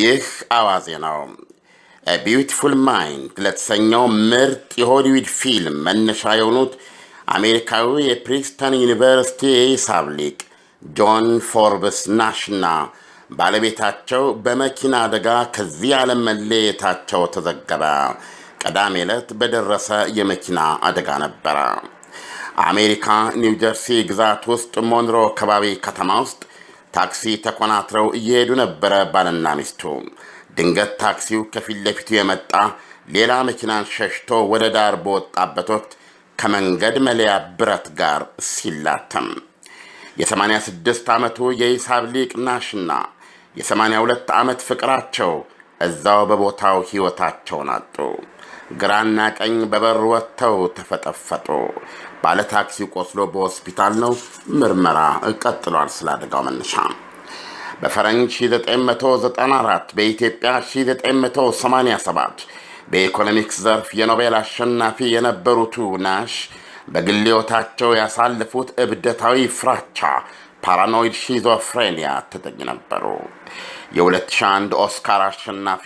ይህ አዋዜ ነው። ቢዩቲፉል ማይንድ ለተሰኘው ምርጥ የሆሊውድ ፊልም መነሻ የሆኑት አሜሪካዊ የፕሪንስተን ዩኒቨርሲቲ የሂሳብ ሊቅ ጆን ፎርብስ ናሽና ባለቤታቸው በመኪና አደጋ ከዚህ ዓለም መለየታቸው ተዘገበ። ቅዳሜ ዕለት በደረሰ የመኪና አደጋ ነበረ። አሜሪካ ኒውጀርሲ ግዛት ውስጥ ሞንሮ ከባቢ ከተማ ውስጥ ታክሲ ተኮናትረው እየሄዱ ነበረ ባልና ሚስቱ። ድንገት ታክሲው ከፊት ለፊቱ የመጣ ሌላ መኪናን ሸሽቶ ወደ ዳር በወጣበት ወቅት ከመንገድ መለያ ብረት ጋር ሲላተም የ86 ዓመቱ የሂሳብ ሊቅ ናሽና የ82 ዓመት ፍቅራቸው እዛው በቦታው ሕይወታቸውን አጡ። ግራና ቀኝ በበር ወጥተው ተፈጠፈጡ። ባለታክሲ ቆስሎ በሆስፒታል ነው። ምርመራ ቀጥሏል። ስለ አደጋው መነሻ በፈረንጅ 1994 በኢትዮጵያ 1987 በኢኮኖሚክስ ዘርፍ የኖቤል አሸናፊ የነበሩቱ ናሽ በግል ሕይወታቸው ያሳለፉት እብደታዊ ፍራቻ ፓራኖይድ ሺዞፍሬኒያ ተጠኝ ነበሩ። የ2001 ኦስካር አሸናፊ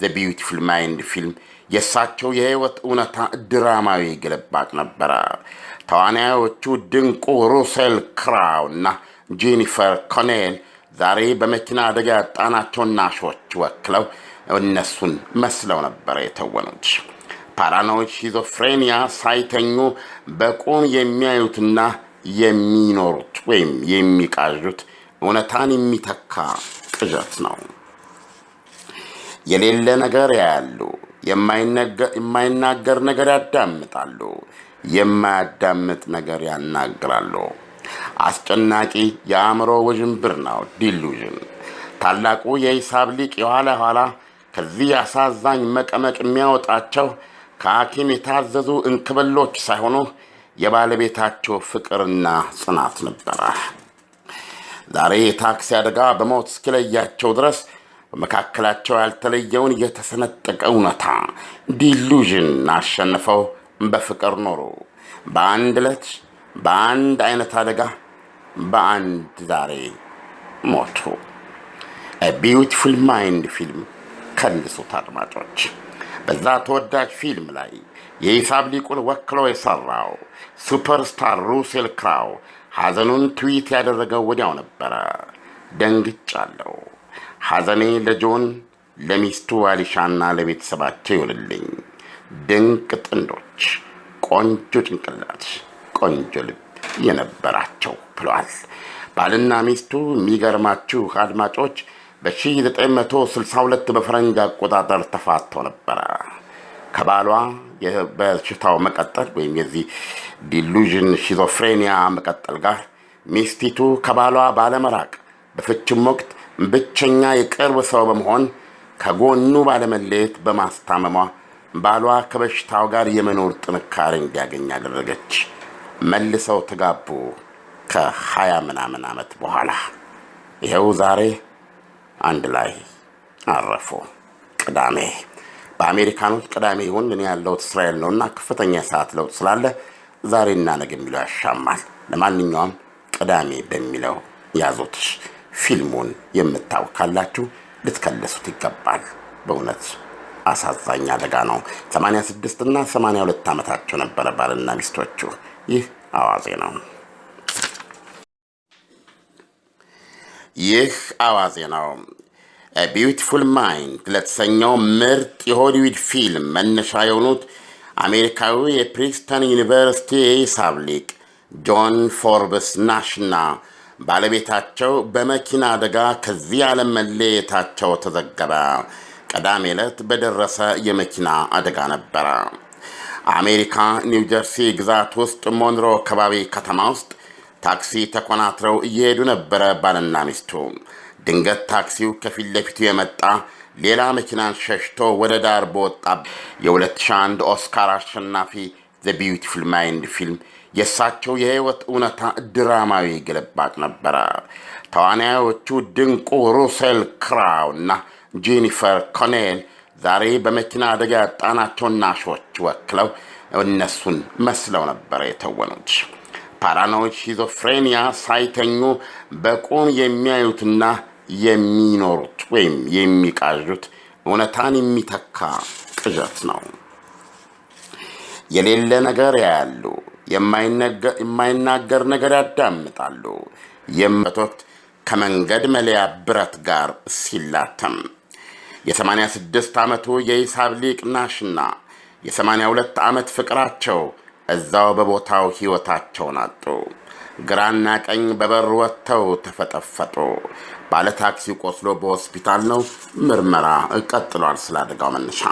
ዘ ቢዩቲፉል ማይንድ ፊልም የእሳቸው የህይወት እውነታ ድራማዊ ግልባጭ ነበረ። ተዋናዮቹ ድንቁ ሩሴል ክራው እና ጄኒፈር ኮኔል ዛሬ በመኪና አደጋ ያጣናቸውን ናሾች ወክለው እነሱን መስለው ነበረ የተወኑት። ፓራኖይድ ሺዞፍሬኒያ ሳይተኙ በቁም የሚያዩትና የሚኖሩት ወይም የሚቃዡት እውነታን የሚተካ ቅዠት ነው። የሌለ ነገር ያያሉ፣ የማይናገር ነገር ያዳምጣሉ፣ የማያዳምጥ ነገር ያናግራሉ። አስጨናቂ የአእምሮ ውዥንብር ነው ዲሉዥን። ታላቁ የሂሳብ ሊቅ የኋላ ኋላ ከዚህ አሳዛኝ መቀመቅ የሚያወጣቸው ከሐኪም የታዘዙ እንክብሎች ሳይሆኑ የባለቤታቸው ፍቅርና ጽናት ነበረ። ዛሬ የታክሲ አደጋ በሞት እስኪለያቸው ድረስ በመካከላቸው ያልተለየውን የተሰነጠቀ እውነታ ዲሉዥን አሸንፈው በፍቅር ኖሩ። በአንድ ዕለት፣ በአንድ አይነት አደጋ፣ በአንድ ዛሬ ሞቱ። ቢዩቲፉል ማይንድ ፊልም ከልሱት አድማጮች። በዛ ተወዳጅ ፊልም ላይ የሂሳብ ሊቁን ወክሎ የሰራው ሱፐርስታር ሩሴል ክራው ሐዘኑን ትዊት ያደረገው ወዲያው ነበረ። ደንግጫለሁ። ሐዘኔ ለጆን ለሚስቱ አሊሻና ለቤተሰባቸው ይሆንልኝ። ድንቅ ጥንዶች፣ ቆንጆ ጭንቅላት፣ ቆንጆ ልብ የነበራቸው ብለዋል። ባልና ሚስቱ የሚገርማችሁ አድማጮች በ1962 በፈረንጅ አቆጣጠር ተፋተው ነበረ። ከባሏ በሽታው መቀጠል ወይም የዚህ ዲሉዥን ሺዞፍሬኒያ መቀጠል ጋር ሚስቲቱ ከባሏ ባለመራቅ በፍችም ወቅት ብቸኛ የቅርብ ሰው በመሆን ከጎኑ ባለመለየት በማስታመሟ ባሏ ከበሽታው ጋር የመኖር ጥንካሬ እንዲያገኝ አደረገች። መልሰው ተጋቡ ከሀያ ምናምን ዓመት በኋላ። ይኸው ዛሬ አንድ ላይ አረፉ። ቅዳሜ በአሜሪካኖች ቅዳሜ ይሁን፣ እኔ ያለሁት እስራኤል ነውና ከፍተኛ የሰዓት ለውጥ ስላለ ዛሬና ነገ የሚለው ያሻማል። ለማንኛውም ቅዳሜ በሚለው ያዙት። ፊልሙን የምታውካላችሁ ካላችሁ ልትከለሱት ይገባል። በእውነት አሳዛኝ አደጋ ነው። 86 እና 82 ዓመታቸው ነበረ ባልና ሚስቶቹ። ይህ አዋዜ ነው። ይህ አዋዜ ነው። ቢዩቲፉል ማይንድ ለተሰኘው ምርጥ የሆሊውድ ፊልም መነሻ የሆኑት አሜሪካዊ የፕሪንስተን ዩኒቨርሲቲ የሂሳብ ሊቅ ጆን ፎርብስ ናሽና ባለቤታቸው በመኪና አደጋ ከዚህ ዓለም መለየታቸው ተዘገበ። ቀዳሜ ዕለት በደረሰ የመኪና አደጋ ነበረ። አሜሪካ ኒውጀርሲ ግዛት ውስጥ ሞንሮ ከባቢ ከተማ ውስጥ ታክሲ ተኮናትረው እየሄዱ ነበረ ባልና ሚስቱ። ድንገት ታክሲው ከፊት ለፊቱ የመጣ ሌላ መኪናን ሸሽቶ ወደ ዳር በወጣ የ2001 ኦስካር አሸናፊ ዘ ቢዩቲፉል ማይንድ ፊልም የእሳቸው የህይወት እውነታ ድራማዊ ግልባጭ ነበረ። ተዋናዮቹ ድንቁ ሩሴል ክራው እና ጄኒፈር ኮኔል ዛሬ በመኪና አደጋ ያጣናቸው ናሾች ወክለው እነሱን መስለው ነበረ የተወኑት። ፓራኖይድ ሺዞፍሬኒያ ሳይተኙ በቁም የሚያዩትና የሚኖሩት ወይም የሚቃዡት እውነታን የሚተካ ቅዠት ነው። የሌለ ነገር ያያሉ። የማይናገር ነገር ያዳምጣሉ። የመት ወቅት ከመንገድ መለያ ብረት ጋር ሲላተም የ86 ዓመቱ የሂሳብ ሊቅ ናሽና የ82 ዓመት ፍቅራቸው እዛው በቦታው ሕይወታቸውን አጡ። ግራና ቀኝ በበር ወጥተው ተፈጠፈጡ። ባለ ታክሲ ቆስሎ በሆስፒታል ነው። ምርመራ ቀጥሏል ስለ አደጋው መነሻ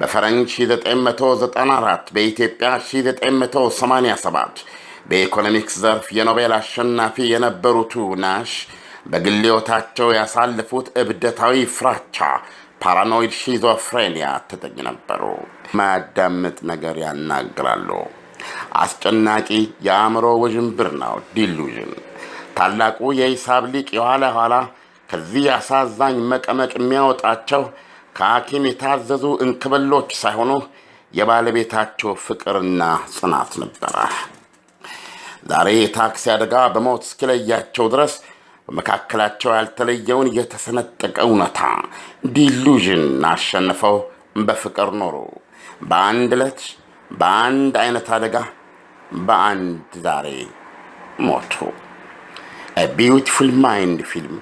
በፈረንጅ 1994 በኢትዮጵያ 1987 በኢኮኖሚክስ ዘርፍ የኖቤል አሸናፊ የነበሩቱ ናሽ በግል ሕይወታቸው ያሳለፉት እብደታዊ ፍራቻ ፓራኖይድ ሺዞፍሬኒያ ተጠኝ ነበሩ። ማያዳምጥ ነገር ያናግራሉ። አስጨናቂ የአእምሮ ውዥንብር ነው ዲሉዥን። ታላቁ የሂሳብ ሊቅ የኋላ ኋላ ከዚህ አሳዛኝ መቀመቅ የሚያወጣቸው ከሐኪም የታዘዙ እንክብሎች ሳይሆኑ የባለቤታቸው ፍቅርና ጽናት ነበረ። ዛሬ የታክሲ አደጋ በሞት እስኪለያቸው ድረስ በመካከላቸው ያልተለየውን የተሰነጠቀ እውነታ ዲሉዥን አሸንፈው በፍቅር ኖሩ። በአንድ ዕለት፣ በአንድ አይነት አደጋ፣ በአንድ ዛሬ ሞቱ። ቢዩቲፉል ማይንድ ፊልም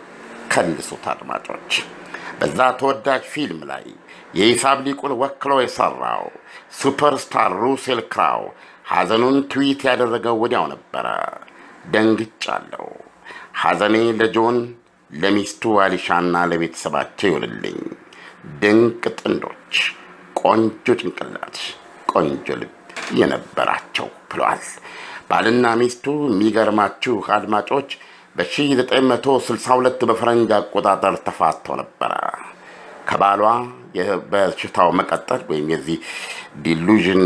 ከንብሱት አድማጮች። በዛ ተወዳጅ ፊልም ላይ የሂሳብ ሊቁን ወክሎ የሰራው ሱፐርስታር ሩሴል ክራው ሐዘኑን ትዊት ያደረገው ወዲያው ነበረ። ደንግጫለሁ። ሐዘኔ ለጆን ለሚስቱ አሊሻና ለቤተሰባቸው ይሆንልኝ። ድንቅ ጥንዶች፣ ቆንጆ ጭንቅላት፣ ቆንጆ ልብ የነበራቸው ብሏል። ባልና ሚስቱ። የሚገርማችሁ አድማጮች በ1962 በፈረንጅ አቆጣጠር ተፋቶ ነበረ። ከባሏ በሽታው መቀጠል ወይም የዚህ ዲሉዥን